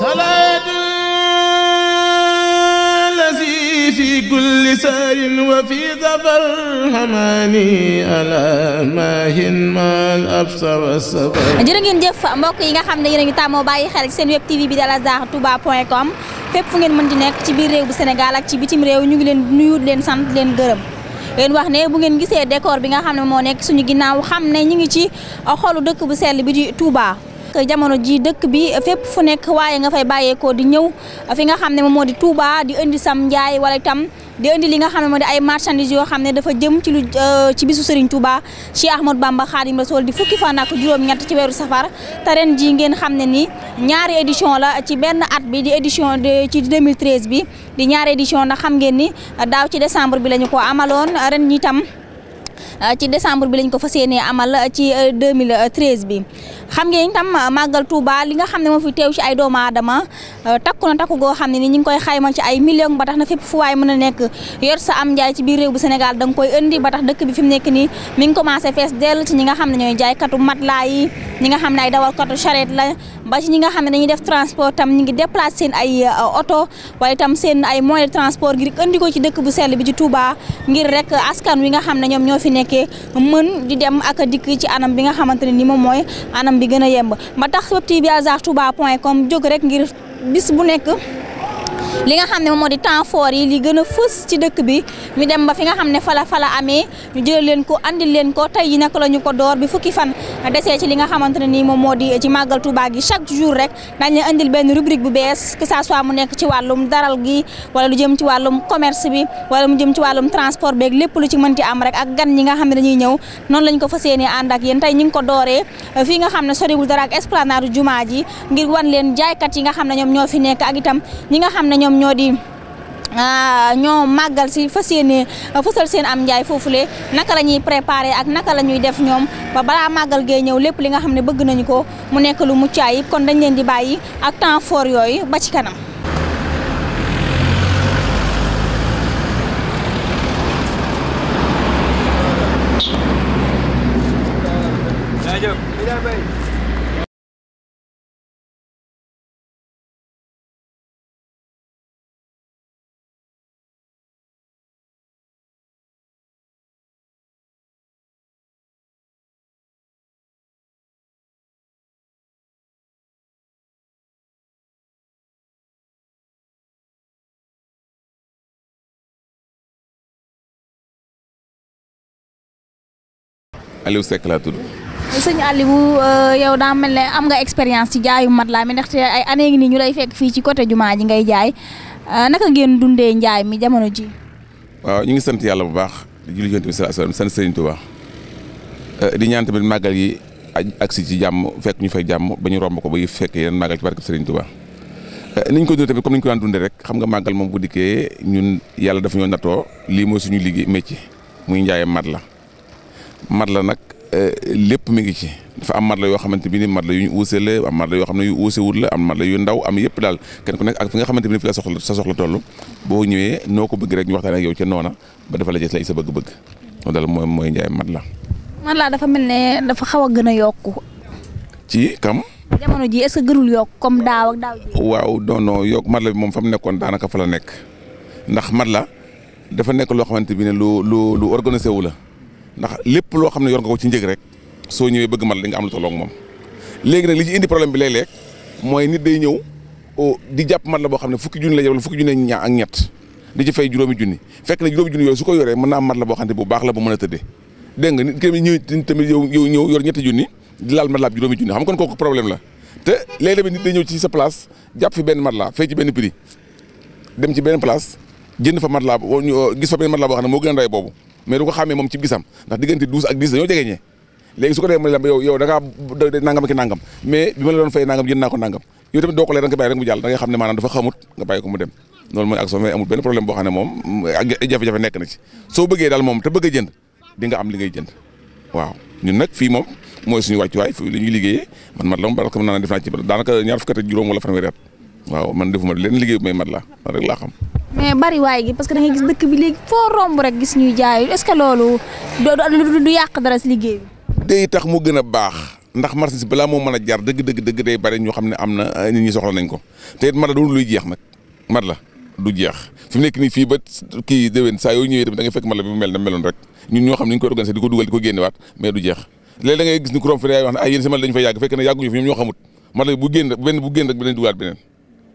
salaatu lazi fi kulli sarin wa fi safar xamaani ala maahin mal absa wa safar jërë ngeen jëf mbokk yi nga xam ne yéen a ngi tàmmoo bàyyi xel seen web tv bi di al tubaa touba point com fépp fu ngeen mën di nekk ci biir réew bu Sénégal ak ci bitim réew ñu ngi leen nuyu leen sant leen gërëm leen wax ne bu ngeen gisee décor bi nga xam ne moo nekk suñu ginnaaw xam ne ñu ngi ci xolu dëkk bu sell bi di Touba jamono ji dëkk bi fépp fu nekk waaye nga fay bàyyeekoo di ñëw fi nga xam ne moom moo di Touba di indi sam njaay wala itam di indi li nga xam ne moo di ay marchandises yoo xam ne dafa jëm ci lu euh, ci bisu Serigne Touba Cheikh Ahmadou Bamba Khadim sol di fukki fan ak juróom-ñett ci weeru safar te ren jii ngeen xam ne ni ñaari édition la ci benn at bi di édition de ci 2013 bi di ñaari édition ndax xam ngeen ni daaw ci décembre bi la ñu ko amaloon ren ñi tam Euh, ci décembre bi lañ ko fas yéenee amal euh, ci 2013 euh, bi xam ngeen itam màggal Touba li nga xam ne moo fi teew ci ay doomu aadama takku na takku goo xam ne ni ñu ngi koy xayma ci ay millions ba tax na fépp fu waay mën a nekk yor sa am njaay ci biir réew bu Sénégal da koy indi ba tax dëkk bi fi mu nekk nii mi ngi commencé fees dell ci ñi nga xam ne ñooy jaaykatu matelas yi ñi nga xam ne ay dawalkatu charrette la ba ci ñi nga xam ne dañuy def transport tam ñu ngi déplacé seen ay euh, oto waaye tam seen ay moyen de transport ngir indi ko ci dëkk bu sell bi ci Touba ngir rek askan wi nga xam ne ñoom ñoo fi nekkee mën di dem ak dikk ci anam bi nga xamante ne ni moom mooy anam bi gën a yemb ba tax web tv azar touba point kom jóg rek ngir bis bu nekk li nga xam ne moo di temps fort yi li gën a fës ci dëkk bi ñu dem ba fi nga xam ne fala fala amee ñu jël leen ko andil leen ko tey yi naka la ñu ko door bi fukki fan desee ci li nga xamante ne nii moom moo di ci màggal Touba gi chaque jour rek dañ leen benn rubrique bu bees que ça mu nekk ci wàllum daral gi wala lu jëm ci wàllum commerce bi wala mu jëm ci wàllum transport beeg lépp lu ci mënti am rek ak gan ñi nga xam ne dañuy ñëw noonu lañ ko fas yéene ànd ak yéen ñu ngi ko dooree fii nga xam ne soriwul dara ak esplanade jumaa ji ngir wan leen jaaykat yi nga xam ne ñoom ñoo fi nekk ak itam nga xam ne ñoom ñoo di ah, ñoo màggal si fas yéene fësal seen am njaay foofule naka lañuy ñuy ak naka la ñuy def ñoom ba balaa màggal gee ñëw lépp li nga xam ne bëgg nañu ko mu nekk lu mucc ayib kon dañ leen di bàyyi ak temps fort yooyu ba ci kanam. Aliou Seck laa tudd. sëñ Aliou euh, yow daa mel ne am nga expérience ci mat laa mi ndaxte ay année ngi nii ñu lay fekk fii ci côté jumaa ji ngay jaay euh, naka ngeen dundee njaay mi jamono ji waaw ñu ngi sant yàlla bu baax di julli Yonent bi sallallahu alayhi sant Serigne Touba euh, di ñaan tamit yi agsi ci jàmm fekk ñu fay jàmm ba ñu romb ko ba fekk yeneen màggal ci barke Serigne Touba niñ ko dundee tamit comme niñ ko daan dundee rek xam nga màggal moom bu dikkee ñun yàlla dafa ñoo nattoo lii mooy suñu liggéey métier muy mat la mat la nag eh, lépp mu ngi ci dafa am mat la yoo xamante bi nii mat la yu ñu uuse la am mat la yoo xam ne yu la am mat yu ndaw am yëpp daal kenn ku nekk ak fi nga xamante bi ni fi la soxla sa soxla boo ñëwee noo ko bëgg rek ñu waxtaan ak yow ca noona ba dafa la jës bëgg-bëgg mooy mooy mat la. mat la dafa mel dafa xaw a gën a yokku. ci kam. jamono ji est-ce gënul yokk comme daaw ak daaw. waaw non non la bi moom fa mu nekkoon daanaka fa la nekk ndax mat la dafa nekk loo xamante bi ne lu lu lu organisé wu la ndax lépp loo xam ne yor nga ko ci njëg rek soo ñëwee bëgg mat li nga am lu tolloog moom léegi nag li ci indi problème bi léeg-léeg mooy nit day ñëw di jàpp mat la boo xam ne fukki junni la wala fukki junni ñaa ak ñett di ci fay juróomi junni fekk na juróomi junni yooyu su ko yoree mën naa am mat la boo xam ne bu baax la bu a tëddee dégg nga nit ki tamit yow ñëw yor ñetti junni di laal mat laab juróomi junni xam kon kooku problème la te léeg-léeg nit day ñëw ci sa place jàpp fi benn mat la fay ci benn prix dem ci benn place jënd fa mat la gis fa benn mat la boo xam ne moo gën a nday boobu mais du ko xàmmee moom ci gisam ndax diggante douze ak dix dañoo jegeñee léegi su ko dee ma la xam ne maanaam dafa xamut nga bàyyi ko mu dem loolu mooy action mais amul ne moom ak jafe-jafe nekk na ci soo bëggee moom te bëgg a am li ngay jënd waaw ñun nag fii moom mooy ñuy liggéeyee man mat la moom parce que mën naa def naa ci daanaka ñaar fukki juróom wala fanweeri at waaw man defuma leen liggéey may mat la rek laa xam mais eh, bari waay gi parce que da ngay gis dëkk bi léegi foo romb rek gis ñuy jaay est loolu du yàq dara si liggéey bi. day tax mu gën a baax ndax marchandise balaa moo mën a jar dëgg dëgg dëgg day bari ñoo xam ne am na eh, nit ñi ko te it mar la fekk mar bi mu mel na meloon rek ñun ñoo xam ne ñu koy organiser di ko dugal di ko génnewaat mais du jeex léeg da gis ni romb fi yaay wax ne ay yéen si mar dañu fay yàgg fekk na yàgguñu ñoom ñoo xamut mar bu génn bu génn rek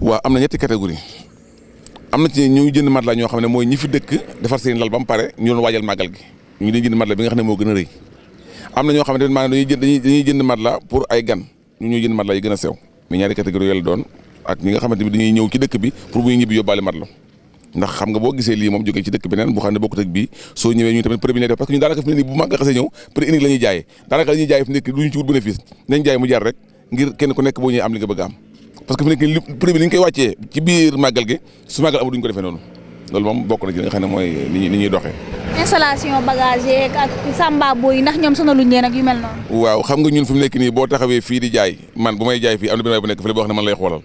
waaw am na ñetti catégorie am na ci ñu jënd matelas ñoo xam ne mooy ñi fi dëkk defar seen lal ba mu pare ñu doon waajal màggal gi ñu dañuy jënd matelas bi moo gën a ñoo xam ne tamit maanaam dañuy jënd dañuy jënd matelas pour ay gan ñu ñuy jënd matelas yi gën a sew mais la xamante ñu ñibbi yóbbaale matelas ndax xam nga boo gisee lii moom jógee parce que ñu daanaka fi ne nii bu màgg xasee ñëw prix unique la ñuy daanaka la ñuy fi nekk du ñu ci wut bénéfice nañ jaay mu jar rek ngir kenn ku nekk boo ñëwee am li nga bëgg am parce que fu nekk li prix bi ni ñu koy wàccee ci biir màggal gi su màggal amul du ñu ko defee noonu loolu moom bokk na ci li xam ne mooy ni ñuy doxee. installation bagage yeeg ak ndax ñoom sonaluñ leen ak yu mel nii boo taxawee fii bu fii nekk fële boo xam man lay xoolal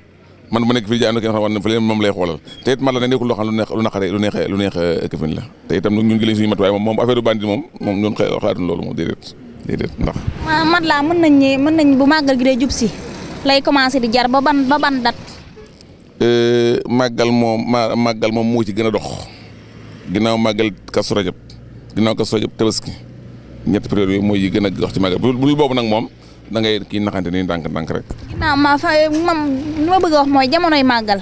man bu nekk fii di jaay am lay xoolal te it man la ne nekkul loo xam ne lu neex lu la te itam ñun ngi leen suñu matuwaay moom a affaire u bandit moom moom ñun xalaatuñ loolu moom déedéet déedéet ndax. mat laa mën nañ bu màggal gi day lay commencé di jar ba ban ba ban dat euh, màggal moom ma màggal moom moo ci gën a dox ginnaaw màggal kasu rajab ginnaaw kasu rajab tabaski ñetti période yooyu mooy yi gën a dox ci màggal bu dul boobu nag moom da ngay kii naxante ni ndànk ndànk rek. ginnaaw ma fa ma li ma bëgg wax mooy jamonoy màggal.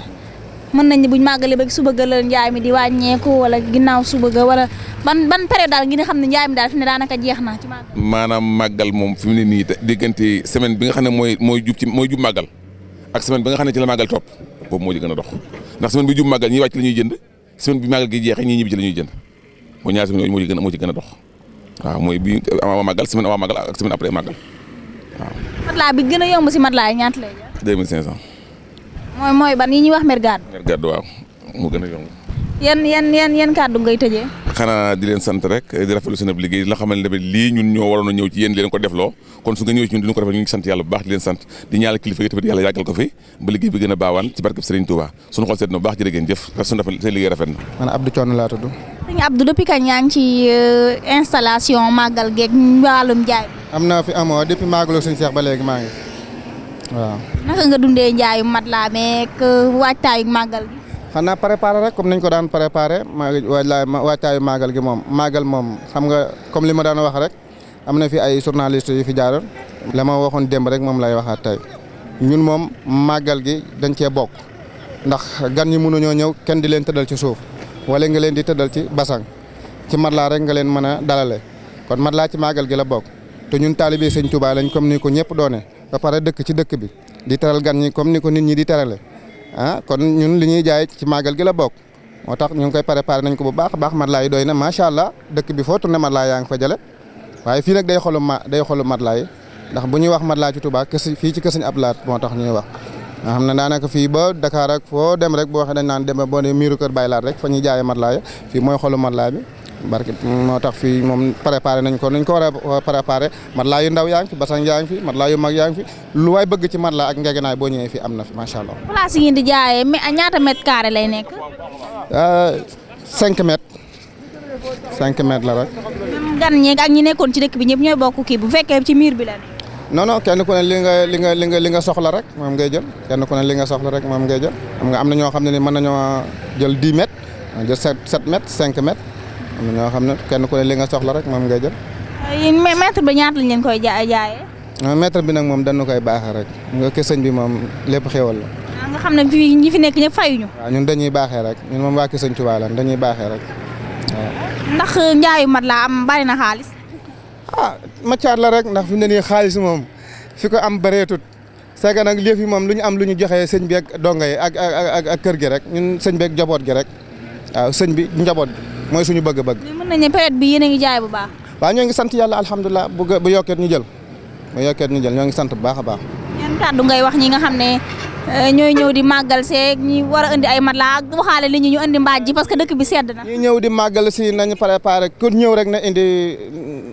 mën nañ ne buñ màggalee ba suba ga la njaay mi di wàññeeku wala ginnaaw suba ga ban ban daal ngi nga xam ne njaay mi daal fi ne daanaka jeex na ci màggal maanaam màggal moom fi mu ne nii diggante semaine bi nga xam ne mooy mooy jub mooy jub màggal ak semaine bi nga xam ne ci la màggal topp boobu moo ci a dox ndax semaine bi jub màggal ñiy wàcc la ñuy jënd semaine bi màggal gi jeexee ñii ñibbi ci ñuy jënd mooy ñaari semaine yooyu moo ci gën a moo ci a dox waaw mooy bi avant màggal semaine avant màggal ak semaine après màggal waaw a yomb si matelas yi mooy mooy ban yi ñuy wax mer gàddu. waaw a yomb. yan yan yan yan kàddu ngay tëjee. xanaa di leen sant rek di rafetlu seen ab liggéey la xamal ne lii ñun ñoo waroon a ñëw ci yéen di leen ko defloo kon su nga ñëw ci ñu a xool seet na baax jërë ngeen jëf seen liggéey rafet na. man Abdou Thion laa tudd. sëñ Abdou depuis kañ yaa ci euh, installation màggal geeg wàllum jaay. am naa fi amoo depuis màggalu sëñ Cheikh ba léegi maa ngi waaw naka nga dundee njaayu mat laa meeg euh, waajtaayu màggal gi. xanaa préparé rek comme nañ ko daan préparé waajtaayu màggal gi moom màggal moom xam nga comme li ma daan wax rek am na fi ay journaliste yu fi jaaroon. la ma waxoon démb rek moom lay waxaat tey ñun moom màggal gi dañ cee bokk ndax gan ñi mënuñoo ñëw kenn di leen tëddal ci suuf wala nga leen di tëddal ci basang ci matlaa rek nga leen mën a dalale kon matlaa ci màggal gi la bokk te ñun taalibe Sëñ Tuubaa lañ comme ni ko ñëpp doone ba pare dëkk ci dëkk bi di teral gan ñi comme ni ko nit ñi di terale ah kon ñun li ñuy jaay ci màggal gi la bokk moo tax ñu ngi koy préparé nañ ko bu baax a baax matelas yi doy na macha allah dëkk bi foo tourné matelas yaa ngi fa jële waaye fii nag day xolu ma day xolu matelas yi ndax bu ñuy wax matelas ci Touba kës fii ci kër Sëñ Abdou Lahad moo tax ñuy wax nga xam ne daanaka fii ba dakaar ak foo dem rek boo waxee dañ naan dem bo ne miiru kër Baye Lahad rek fa ñuy jaayee matelas yi fii mooy xolu matelas bi barke moo tax fii moom préparé nañ ko nañ ko war a préparé matelas yu ndaw yaa ngi fi basang yaa ngi fi matelas yu mag yaa fi lu waay bëgg ci matelas ak ngegenaay boo ñëwee fii am na fi macha allah. place yi di jaayee mais ñaata mètre carré lay nekk. 5 euh, mètres 5 mètres la rek. même gan ñeeg ak ñi nekkoon ci dëkk bi ñëpp ñooy bokk kii bu fekkee ci miir bi la non non kenn ku ne nga li nga li nga li nga soxla rek moom ngay jël kenn ku ne li nga soxla rek moom ngay jël xam nga am na ñoo xam ne ni mën nañoo jël 10 mètres jël 7 7 mètres am xam ne kenn ko ne li nga soxla rek moom ngay jël. Euh, yéen mètre bi ñaata lañ leen koy euh, jaayee. Euh, mètre bi nag moom dañu koy baaxee rek nga kër sëñ bi moom lépp xéwal la. Ah, nga xam ne ñi nekk ñëpp fayuñu. dañuy baaxe rek moom waa kër sëñ Tuubaa lan rek waaw. ndax njaayu mat laa am bari na xaalis. ah macaat la rek ndax fi mu ne xaalis moom fi ko am bareetut c'est que nag léef moom lu ñu am lu ñu joxee sëñ bi ak donga yi ak ak ak kër gi rek ñun sëñ bi ak njaboot gi rek waaw sëñ bi njaboot gi. mooy suñu bëgg-bëgg. mën nañu période bi yéen a ngi jaay bu baax. waaw ñoo ngi sant yàlla alhamdulilah bu bu yokkeet ñu jël bu yokkeet ñu jël ñoo ngi sant bu baax baax. yan kàddu ngay wax nga xam ne euh, ñooy ñëw di màggal seeg indi ay matelas ak waxaale li ñu indi mbaaj ji parce que dëkk bi sedd na. ñi ñëw di màggal si nañu préparé ku ñëw rek na indi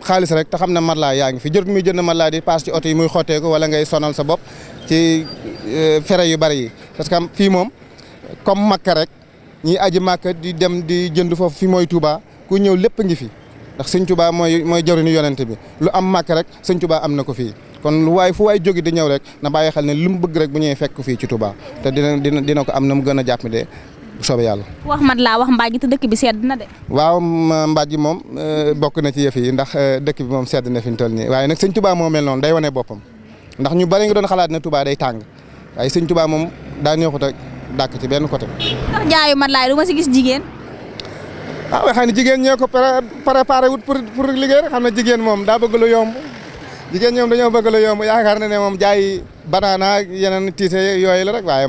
xaalis rek ta xam ne matelas yaa ngi fi jot muy jënd matelas di paas ci oto yi muy xotteeku wala ngay sonal sa bopp ci euh, fere yu bari yi parce que fii moom comme makka rek ñiy aji màkka di dem di jënd foofu fi mooy tubaa ku ñëw lépp ngi fi ndax sëñ tubaa mooy mooy jawriñu yonente bi lu am màkk rek sëñ am na ko fii kon lu waay fu jóge di ñëw rek na bàyyi xel ne lu mu bëgg rek bu ñëwee fekk fii ci Touba te dina dina dina am na mu gën a jàppale bu soobee yàlla. wax laa wax mbaaj te dëkk bi sedd na de. waaw mbaaj moom euh, bokk na ci yëf yi ndax euh, dëkk bi moom sedd na fi mu waaye nag sëñ tubaa moo mel noonu day wane boppam ndax ñu bari nga doon xalaat na tubaa day tàng waaye sëñ Touba moom daa neexut dàkk ci benn côté. ndax jaayu mat laay du ma gis jigéen. ah waaye xam jigéen ñee ko préparé wut pour pour liggéey rek xam na jigéen moom daa bëgg lu yomb jigéen ñoom dañoo bëgg lu yomb yaakaar na ne moom jaay banaana ak yeneen tiite yooyu la rek waaye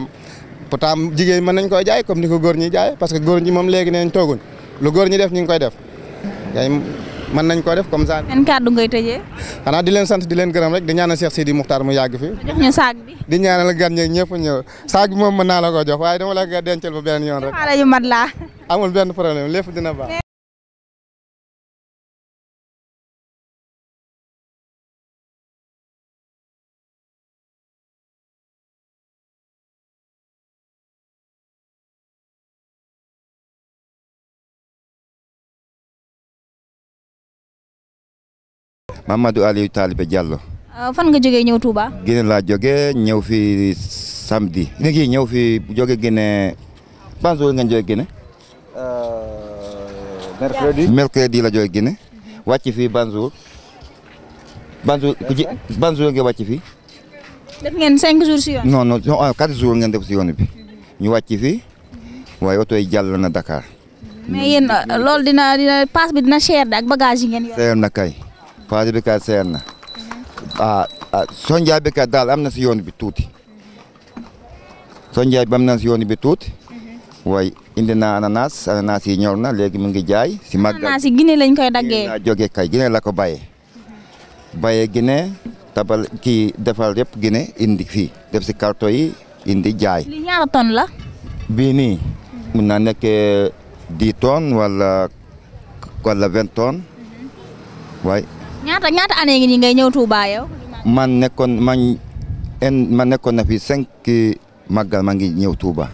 pourtant jigéen mën nañ koy jaay comme ni ko góor ñi jaay parce que góor ñi moom léegi neen tooguñ lu góor ñi def ñu ngi koy def. mën nañ koo def comme ça. seen kàddu ngay tëjee. xanaa di leen sant di leen gërëm rek di ñaanal Cheikh Sidi Moukhtar mu yàgg fi. ñu saag bi. di ñaanal gan ñeeg ñëpp ñëw saag bi moom mën naa la ko jox waaye dama la ko dencal ba beneen yoon rek. amul benn problème lépp dina baax. Mamadou Aliou Talibé Diallo. Ah, fan nga jógee ñëw Touba. Guinée laa joge ñëw fi samedi léegi ñëw fi jóge Guinée ban jour ngeen jóge Guinée. Euh, mercredi la jóge Guinée. Mhm. wàcc fii ban jour. ban jour fi ci def ngeen cinq jours si yoon. non non ah, quatre jours ngeen def si yoon bi. Mhm. ñu wàcc fi mhm. waaye oto yi jall na Dakar. mais yéen loolu dina dina bi dina cher de ak bagage yi ngeen yor. cher na kay. phase bi kat seer na mhm. ah ah bi kat daal am na si yoon bi tuuti mhm. sonjaay bi am na si yoon bi tuuti mhm. waaye indi naa ananas ananas yi ñor na léegi mu ngi jaay si màggal ananas yi Guinée lañ koy daggee laa jógee kay Guinée la ko bayee bayee Guinée tabal kii defal yëpp Guinée indi fii def si carton yi indi jaay li ñaata tonnes la bii nii mun naa nekk dix tonnes wala wala vingt ñaata ñaata année ngi nii ngay ñëw Touba yow. man nekkoon man en man nekkoon na fi cinq màggal ma ngi ñëw Touba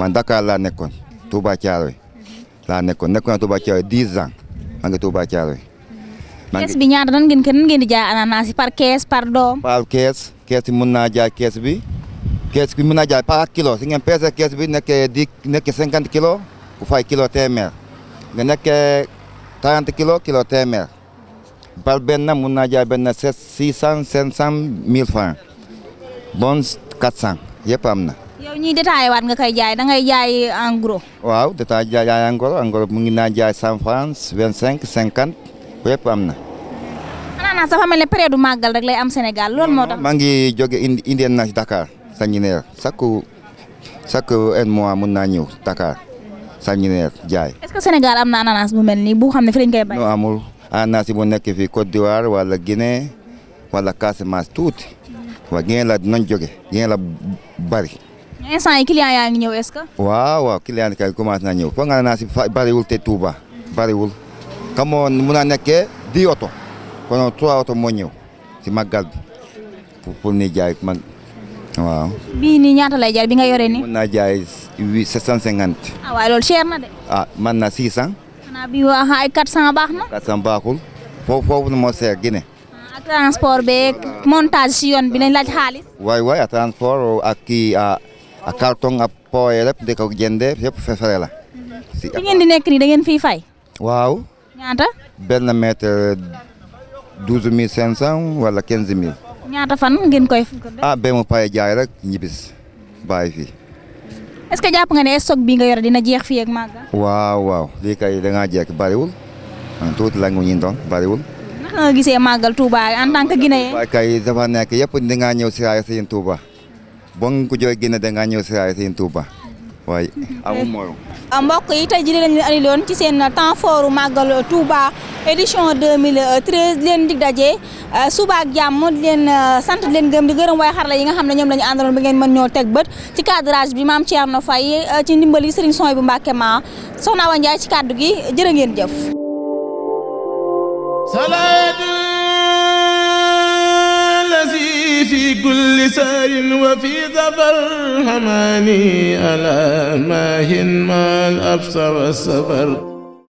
man Dakar laa nekkoon Touba Thiaroye laa nekkoon nekkoon na Touba Thiaroye dix ans ma ngi Touba Thiaroye. ngi kees bi ñaata nan ngeen ko nan ngeen di jaay ananas par kees par doom. par kees kees bi mun naa jaay kees bi kees bi mun naa jaay par kilo si ngeen peese kees bi nekkee di nekkee cinquante kilo ku fay kilo téeméer nga nekkee trente kilo kilo téeméer. par benn mun naa jaay benn sept six cent cinq cent mille francs bon quatre cent yëpp am na. yow ñiy détaillé waat nga koy jaay da jaay en waaw détaillé jaay en gros en mu ngi naa jaay cent francs vingt cinq cinquante yëpp am na. ananas dafa mel ne période du màggal rek lay am Sénégal loolu moo tax. maa ngi joge indi indien na Dakar sangineer chaque chaque un mois mun naa ñëw Dakar sangineer jaay. est que Sénégal am na ananas bu mel nii bu xam ne fi lañ koy ANACIM bu nekk fii Côte d'Ivoire wala Guinée wala Casamance tuuti waaw Guinée la dinañ jóge Guinée la bari. instant yi client yaa ñëw est-ce que. waaw waaw client yi naa ñëw foog nga naa si bariwul te Touba bariwul xam nga nekkee dix oto kono trois oto moo ñëw si màggal bi pour pour ni jaay man naa jaay ah, na de. Ah, xanaa bi wax ay 400 baax na. 400 baaxul foofu foofu moo seer Guinée. ak ah, transport beeg montage si yoon bi lañ laaj xaalis. waay waay a transport ak kii a carton a pooye lépp di ko jëndee yëpp fefere la. Mhm. si fi ngeen di nekk nii da ngeen fiy fay. waaw. ñaata. benn wala quinze mille. ñaata fan ngeen koy. ah ba mu pare jaay rek ñibis bàyyi fii. est que jàpp nga ne stock bi nga yore dina jeex fii ak màggal. waaw waaw lii kay da ngaa bariwul tuuti la ñu ñu doon bariwul. naka nga gisee màggal Touba en tant que Guinéen. waaw yëpp da ngaa ñëw si raaya seen Touba boo ko jógee Guinée da ñëw si raaya seen Touba waaye Euh, mbokk yi tey ji leen ñu andi loon ci seen temps fort màggal Touba édition 2013 leen dig daje euh, suba ak jàmm di leen euh, sant leen gëm di gërëm waaye xarala yi nga xam ne ñoom la ñu ba ngeen mën ñoo teg bët ci cadrage bi maam na Faye ci ndimbali Serigne Soy bu Mbàkke ma soxna Awa Ndiaye ci kàddu gi jërë ngeen jëf. في كل سار وفي ظفر حماني ألا ماهن ما الأبصر والسفر